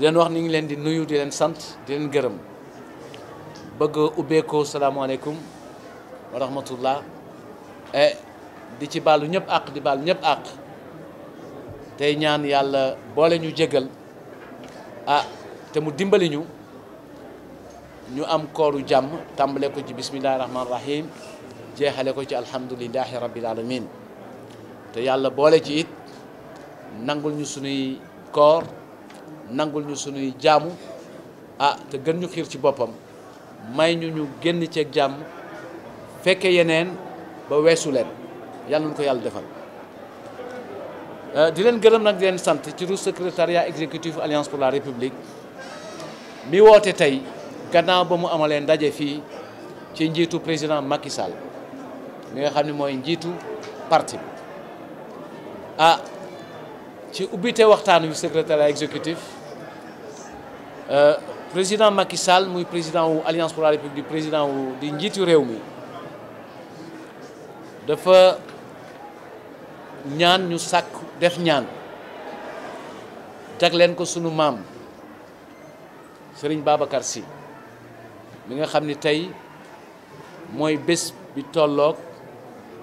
di leen wax ni ngi leen di nuyu di leen sant di leen gërëm bëgg ubbeekoo salaamaaleykum wa rahmatullah e, di ci baalu ñëpp àq di baalu ñëpp àq tey ñaan yàlla boole ñu jégal a te mu dimbali ñu ñu am kooru jàmm tàmbale ko ci bismillahi rahman rahim ko ci alhamdulillahi rabbil alamin te yàlla boole ci it nangul ñu sunuy koor nangul ñu sunuy jaamu ah te gën ñu xiir ci boppam may ñu ñu génn ceeg jàmm fekke yeneen ba weesu leen yàlla nañu ko yàlla defal eh, di leen gërëm nag di leen sant ci ru secrétariat exécutif alliance pour la république mi woote tey gannaaw ba mu amalee ndaje fii ci njiitu président Macky Sall mi nga xam ne mooy njiitu parti ah ci ubbite waxtaan wi secrétaire exécutif euh, président Macky Sall muy président wu alliance pour la république président wu di njiitu réew mi dafa ñaan ñu sàkk def ñaan teg leen ko sunu maam Serigne Babacar Sy mi nga xam ni tey mooy bés bi tolloog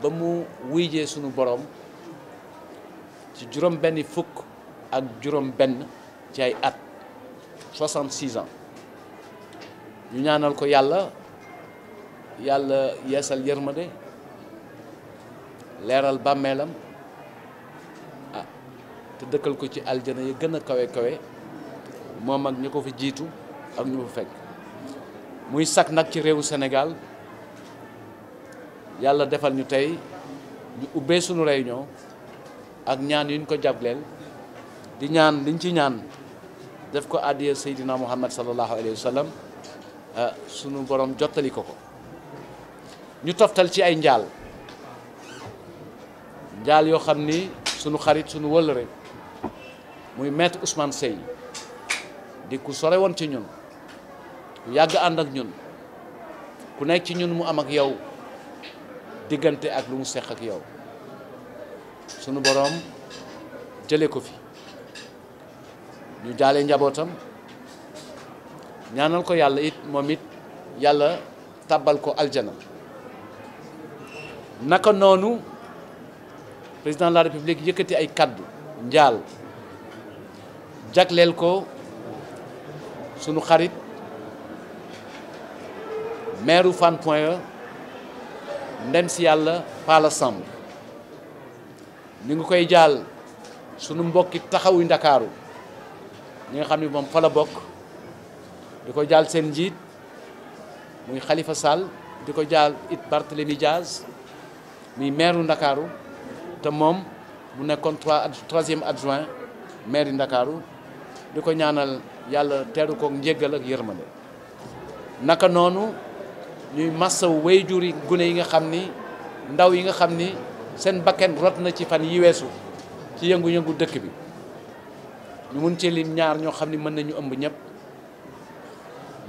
ba mu wuyjee sunu borom. ci juróom benni fukk ak juróom benn ci ay at 66 ans ñu ñaanal ko yàlla yàlla yeesal yërmande leeral bàmmeelam ah te dëkkal ko ci aljana yi gën kawe kawe moom ak ñu ko fi jiitu ak ñu fa fekk muy sakk nag ci réewu Sénégal yàlla defal ñu tey ñu ubbee sunu réunion ak ñaan yuñ ko jableel di ñaan liñ ci ñaan def ko addiya Seydina Muhammad sallallahu alayhi wa sallam ah, sunu borom jottali ko ñu toftal ci ay njaal njaal yoo xam ni sunu xarit sunu wëllëre muy maître Ousmane Seye di ku sorewoon ci ñun ku yàgg ànd ak ñun ku nekk ci ñun mu am ak yow diggante ak lu mu seq ak yow sunu boroom jële ko fi ñu jaale njabootam ñaanal ko yàlla it moom it yàlla tàbbal ko aljana naka noonu président de la république yëkkati ay kàddu njaal jagleel ko sunu xarit maire Fann Point E ndem si yàlla Pala Samb ñu ngi koy jaal sunu mbokki taxawu ndakaaru ñi nga xam ne moom fa la bokk di ko jaal seen njiit muy xalifa Sall di ko jaal it Barthélemy Diaz muy maireu ndakaaru te moom mu nekkoon trois troisième adjoint maire ndakaaru di ko ñaanal yàlla teeru koog njéggal ak yërmande naka noonu ñuy massaw wayjur yi gune yi nga xam ni ndaw yi nga xam ni seen bakken rot na ci fan yi weesu ci yëngu-yëngu dëkk bi ñu mun ci lim ñaar ñoo xam ni mën nañu ëmb ñëpp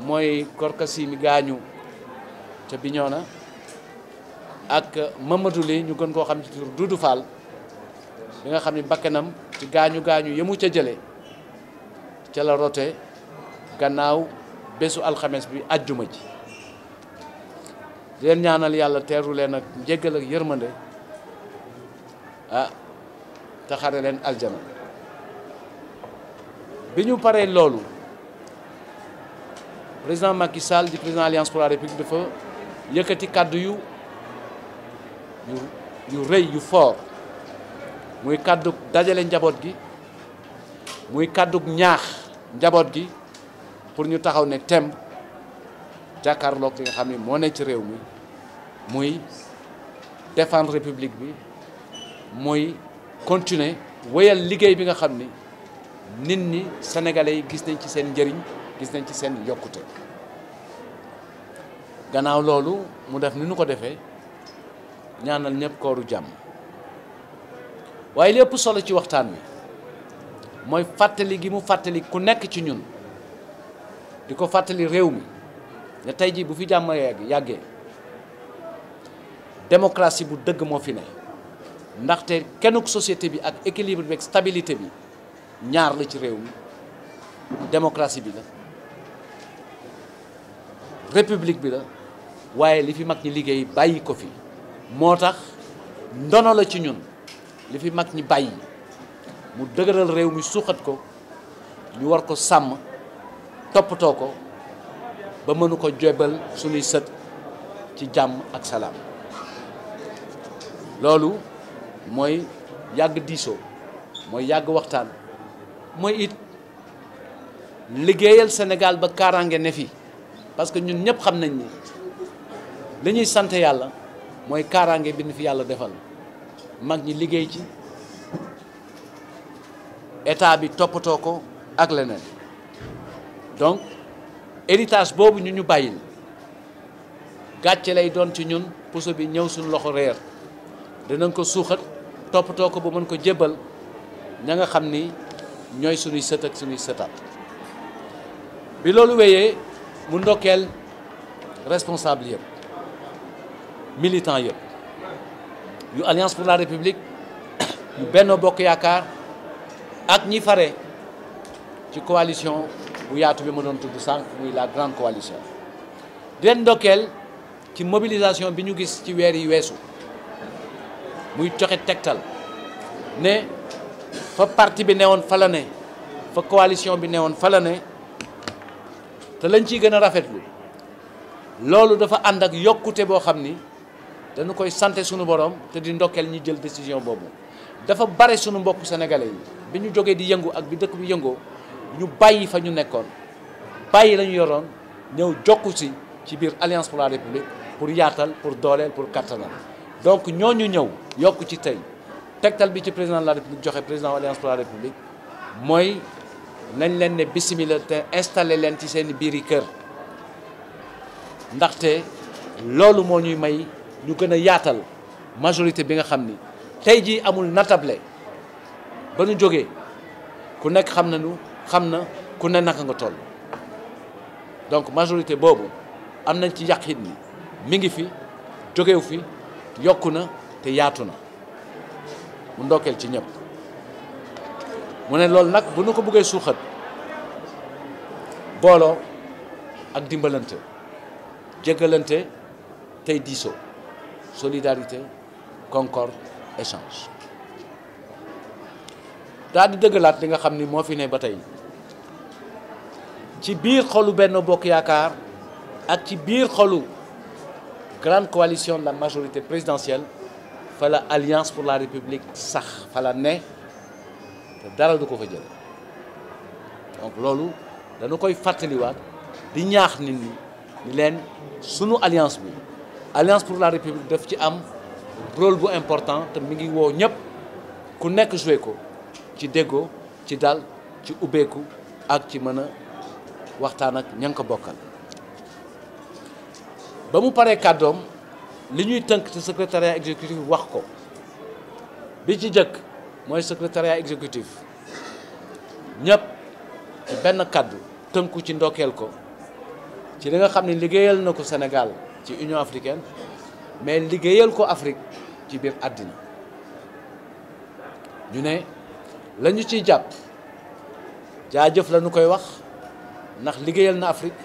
mooy korkasi mi gaañu ca Bignona ak Mamadou Ly ñu gën koo xam ci tur Doudou bi nga xam ni bakkenam ci gaañu gaañu yemu ca jële ca la rote gannaaw bésu alxemes bi àjjuma ji leen ñaanal yàlla teeru leen ak njéggal ak yërmande ah te xare leen aljana bi ñu paree loolu président Macky Sall di président Alliance pour la dafa yëkkati kàddu yu yu yu rëy yu fort muy kàddu dajale njaboot gi muy kàddu ñaax njaboot gi pour ñu taxaw ne temb jàkkaarloog li nga xam ne moo ne ci réew mi muy défendre république bi mooy continuer wéyal liggéey bi nga xam ni nit ñi sénégalais yi gis nañ ci seen njëriñ gis nañ ci seen yokkute gannaaw loolu mu def ni nu ko defee ñaanal ñëpp kooru jàmm waaye lépp solo ci waxtaan wi mooy fàttali gi mu fàttali ku nekk ci ñun di ko fàttali réew mi ne tey jii bu fi jàmm yàgg yàggee démocratie bu dëgg moo fi ne ndaxte kenn société bi ak équilibre bi ak stabilité bi ñaar la ci réew mi démocratie bi la république bi la waaye li fi mag ñi liggéey bàyyi ko fi moo tax ndono la ci ñun li fi mag ñi bàyyi mu dëgëral réew mi suuxat ko ñu war ko sàmm toppatoo ko ba mënu ko jébal suñuy sët ci jàmm ak salaam loolu mooy yàgg diisoo mooy yàgg waxtaan mooy it liggéeyal Sénégal ba kaaraange ne fi parce que ñun ñëpp xam nañ ni li ñuy sant yàlla mooy kaaraange bi fi yàlla defal mag ñi liggéey ci état bi toppatoo ko ak leneen donc héritage boobu ñu ñu bàyyil gàcce lay doon ci ñun puso bi ñëw suñu loxo reer dinañ ko suuxat toppatoo ko ba mën ko jébbal ña nga xam ni ñooy suñuy sët ak suñuy sëtaat bi loolu wéyee mu ndokkeel responsable yëpp militant yëpp yu alliance pour la république yu Benno Bokk Yaakaar ak ñi fare ci coalition bu yaatu bi ma doon tudd sànq muy la grande coalition di leen ndokkeel ci mobilisation bi ñu gis ci weer yi weesu muy joxe tegtal ne fa parti bi newoon fa la ne fa coalition bi neewoon fa la ne te lañ ciy gën a rafetlu loolu dafa ànd ak yokkute boo xam ni dañu koy sante sunu borom te di ndokkeel ñi jël décision boobu dafa bare sunu mbokku sénégalais yi bi ñu jógee di yëngu ak bi dëkk bi yëngoo ñu bàyyi fa ñu nekkoon bàyyi la yoroon ñëw jokku si ci biir alliance pour la république pour yaatal pour dooleel pour kattanal donc ñooñu ñëw yokk ci tey tegtal bi ci président de la république joxe président alliance pour la république mooy nañ leen ne bisimila installé leen ci seen biiri kër ndaxte loolu moo ñuy may ñu gën a yaatal majorité bi nga xam ni tey jii amul natable ba ñu jógee ku nekk xam nu xam na ku ne naka nga toll donc majorité boobu am nañ ci yàqit ni mi ngi fi jógewu fi yokku na te yaatu na mu ndokkeel ci ñépp mu ne loolu nag bu nu ko bëggee suuxat booloo ak dimbalante jéggalante tey diisoo solidarité concorde échange daal di dëggalaat li nga xam ni moo fi ne ba tey ci biir xolu benn bokk yaakaar ak ci biir xolu grande coalition la majorité présidentielle fa la alliance pour la république sax fa la ne te dara du ko fa jële donc loolu dañu koy fàttaliwaat di ñaax nit ñi di leen sunu alliance bi alliance pour la république def ci am rôle bu important te mi ngi woo ñëpp ku nekk joué ko ci déggoo ci dal ci ubbeeku ak ci mën a waxtaan ak ña nga ko bokkal ba mu paree kàddoom li ñuy tënk ci secrétariat exécutif wax ko bi ci jëkk mooy secrétariat exécutif ñëpp ci benn kàddu tënku ci ndokkeel ko ci li xam ne liggéeyal na ko Sénégal ci Union africaine mais liggéeyal ko Afrique ci biir àddina ñu ne la ñu ciy jàpp jaajëf la ñu koy wax ndax liggéeyal na Afrique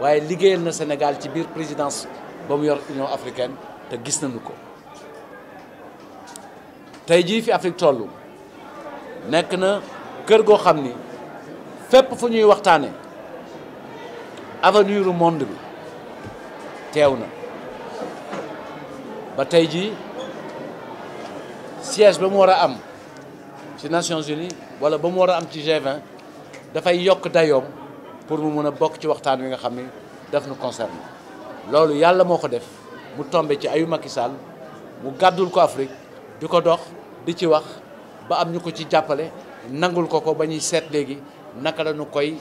waaye liggéeyal na senegal ci biir présidence ba mu yor Union africaine te gis nañu ko tey jii fi Afrique toll nekk na kër goo xam ni fépp fu ñuy waxtaane avenir u monde bi teew na ba tey jii siège ba mu war a am ci Nations Unies wala ba mu war a am ci G20 dafay yokk dayoom pour mu mën a bokk ci waxtaan wi nga xam ni def nu concerné loolu yàlla moo ko def mu tombe ci ayu Macky Sall mu gàddul ko Afrique di ko dox di ci wax ba am ñu ko ci jàppale nangul ko ko ba ñuy seet léegi naka la ñu koy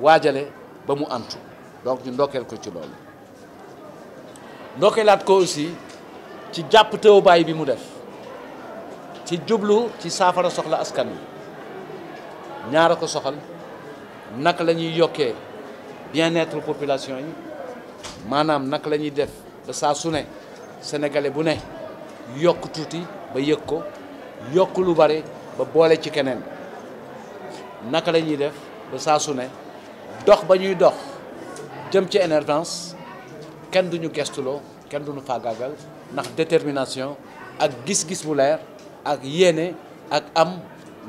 waajale ba mu antu donc ñu ndokkeel ko ci loolu ndokkeelaat ko aussi ci jàpp teewu baay bi mu def ci jublu ci saafara soxla askan wi ñaara ko soxal naka la ñuy yokkee bien-être population yi maanaam naka lañuy def ba saa su ne sénégalais bu ne yokk tuuti ba yëg ko yokk lu bare ba boole ci keneen naka la ñuy def ba saa su ne dox ba ñuy dox jëm ci émergence kenn duñu gestuloo kenn duñu faagaagal ndax détermination ak gis-gis bu leer ak yéene ak am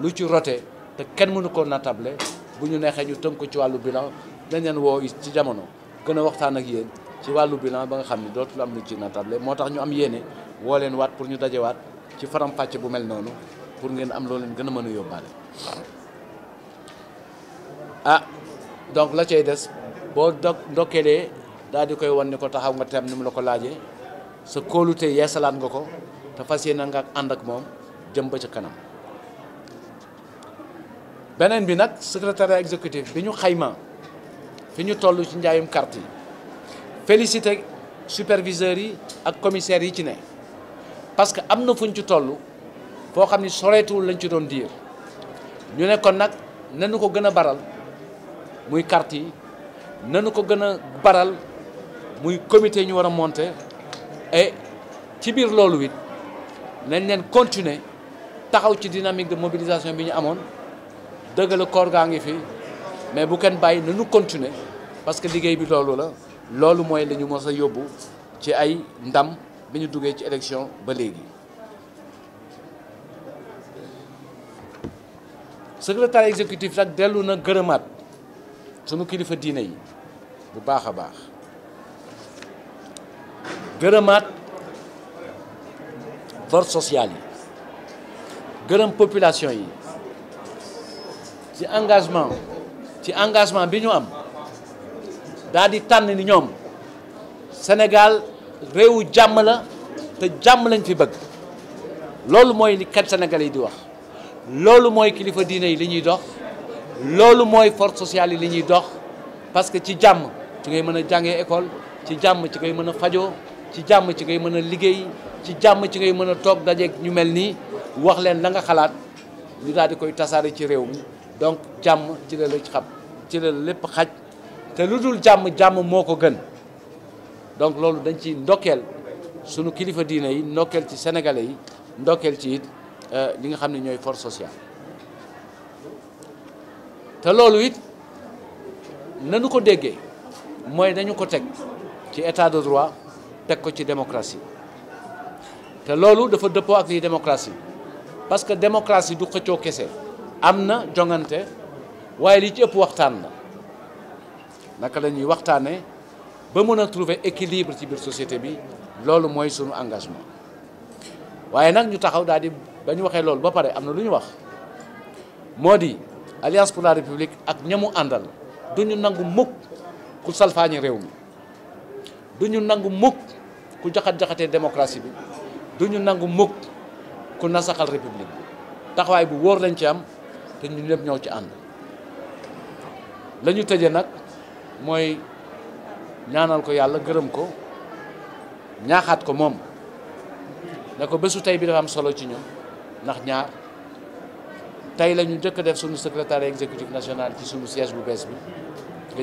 lu ci rote te kenn mënu ko natable bu ñu neexee ñu tënk ko ci wàllu bilan dañ leen woo ci jamono. gën a waxtaan ak yéen ci wàllu bilan ba nga xam ne dootul am lu ci natable moo tax ñu am yéene woo leen waat pour ñu daje waat ci faram-fàcce bu mel noonu pour ngeen am loolu leen gën a mën a yóbbaale. ah donc la cay des boo do ndokkeelee daal di koy wan ni ko taxaw nga tem ni mu la ko laaje sa kóolute yeesalaat nga ko te fas yéene nga ànd ak moom jëm ba ca kanam. beneen bi nag secrétaire exécutif bi ñu xayma. fi ñu toll ci njaayum carte yi félicité superviseurs yi ak commissaires yi ci ne parce que am na fuñ ci tollu foo xam ni soreetuwul lañ ci doon diir ñu ne kon nag nanu ko gën a baral muy carte yi nanu ko gën a baral muy comité ñu war a monter ci biir loolu it nañ leen continuer taxaw ci dynamique de mobilisation bi ñu amoon dëgg la koor gaa ngi fi mais bu kenn bàyyi nañu continuer parce que liggéey bi loolu la loolu mooy lañu ñu yóbbu ci ay ndam bi ñu duggee ci élection ba léegi. secrétaire exécutif nag dellu na gërëmaat sunu kilifa diine yi bu baax a baax gërëmaat force sociale yi gërëm population yi ci engagement. ci engagement bi ñu am daal di tànn ni ñoom Sénégal réewu jàmm la te jàmm lañ fi bëgg loolu mooy li sénégal yi di wax loolu mooy kilifa diine yi li ñuy dox loolu mooy force sociale yi li ñuy dox parce que ci jàmm ci ngay mën a jàngee école ci jàmm ci ngay mën a fajoo ci jàmm ci ngay mën a liggéey ci jàmm ci ngay mën a toog dajeeg ñu mel nii wax leen la nga xalaat ñu daal di koy tasaare ci réew mi donc jàmm ci la la ci xam ci la lépp xaj te lu dul jàmm jàmm moo ko gën donc loolu dañ ci ndokkeel sunu kilifa diine yi ndokkeel ci sénégalais yi ndokkeel ci it li euh, nga xam ne ñooy force sociale te loolu it nanu ko déggee mooy dañu ko teg ci état de droit teg ko ci démocratie te loolu dafa dëppoo ak lii démocratie parce que démocratie du xëccoo kese am na jongante waaye li ci waxtaan la naka la ñuy waxtaanee ba mën a trouver équilibre ci biir société bi loolu mooy sunu engagement waaye nag ñu taxaw daal di ba ñu waxee loolu ba pare am na lu ñu wax moo di alliance pour la république ak ñamu àndal du ñu nangu mukk ku salfaañi réew mi du ñu nangu mukk ku jaxat-jaxatee démocratie bi du ñu nangu mukk ku nasaxal république taxawaay bu wóor lañ ci am te ñu ñëpp ñoo ci ànd la ñu nag mooy ñaanal ko yàlla gërëm ko ñaaxaat ko moom ne ko bésu tey bi dafa am solo ci ñun ndax ñaar tey lañu ñu njëkk def suñu secrétaire exécutif national ci suñu siège bu bees bi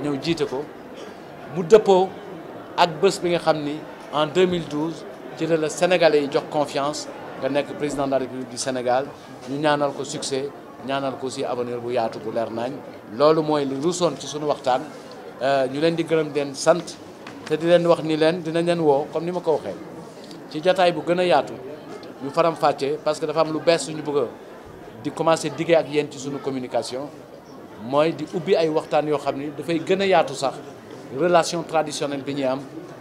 nga ñëw jiite ko mu dëppoo ak bés bi nga xam ni en 2012 ci la la sénégalais yi jox confiance nga nekk président de la république du Sénégal ñu ñaanal ko succès ñaanal ko aussi avenir bu yaatu bu leer nañ loolu mooy lu ruusoon ci suñu waxtaan euh, ñu leen di gërëm den sant te di leen wax ni leen dinañ leen woo comme ni ma ko waxee ci jataay bu gën a yaatu ñu faram fàccee parce que dafa am lu bees suñu bëgg di commencer diggee ak yéen ci suñu communication mooy di ubbi ay waxtaan yoo xam ni dafay gën a yaatu sax relation traditionnelle bi ñuy am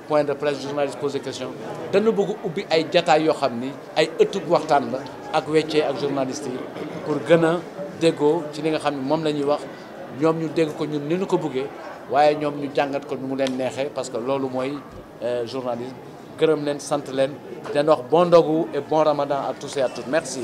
point de presse journaliste posé question dañu bëgg ubbi ay jataay yoo xam ni ay ëttub waxtaan la ak weccee ak journaliste yi pour gën a déggoo ci li nga xam ni moom la ñuy wax ñoom ñu dégg ko ñu ni ñu ko bëggee waaye ñoom ñu jàngat ko nu mu leen neexee parce que loolu mooy euh, journalisme gërëm leen sant leen den wax bon ndogu et bon ramadan à tous et à merci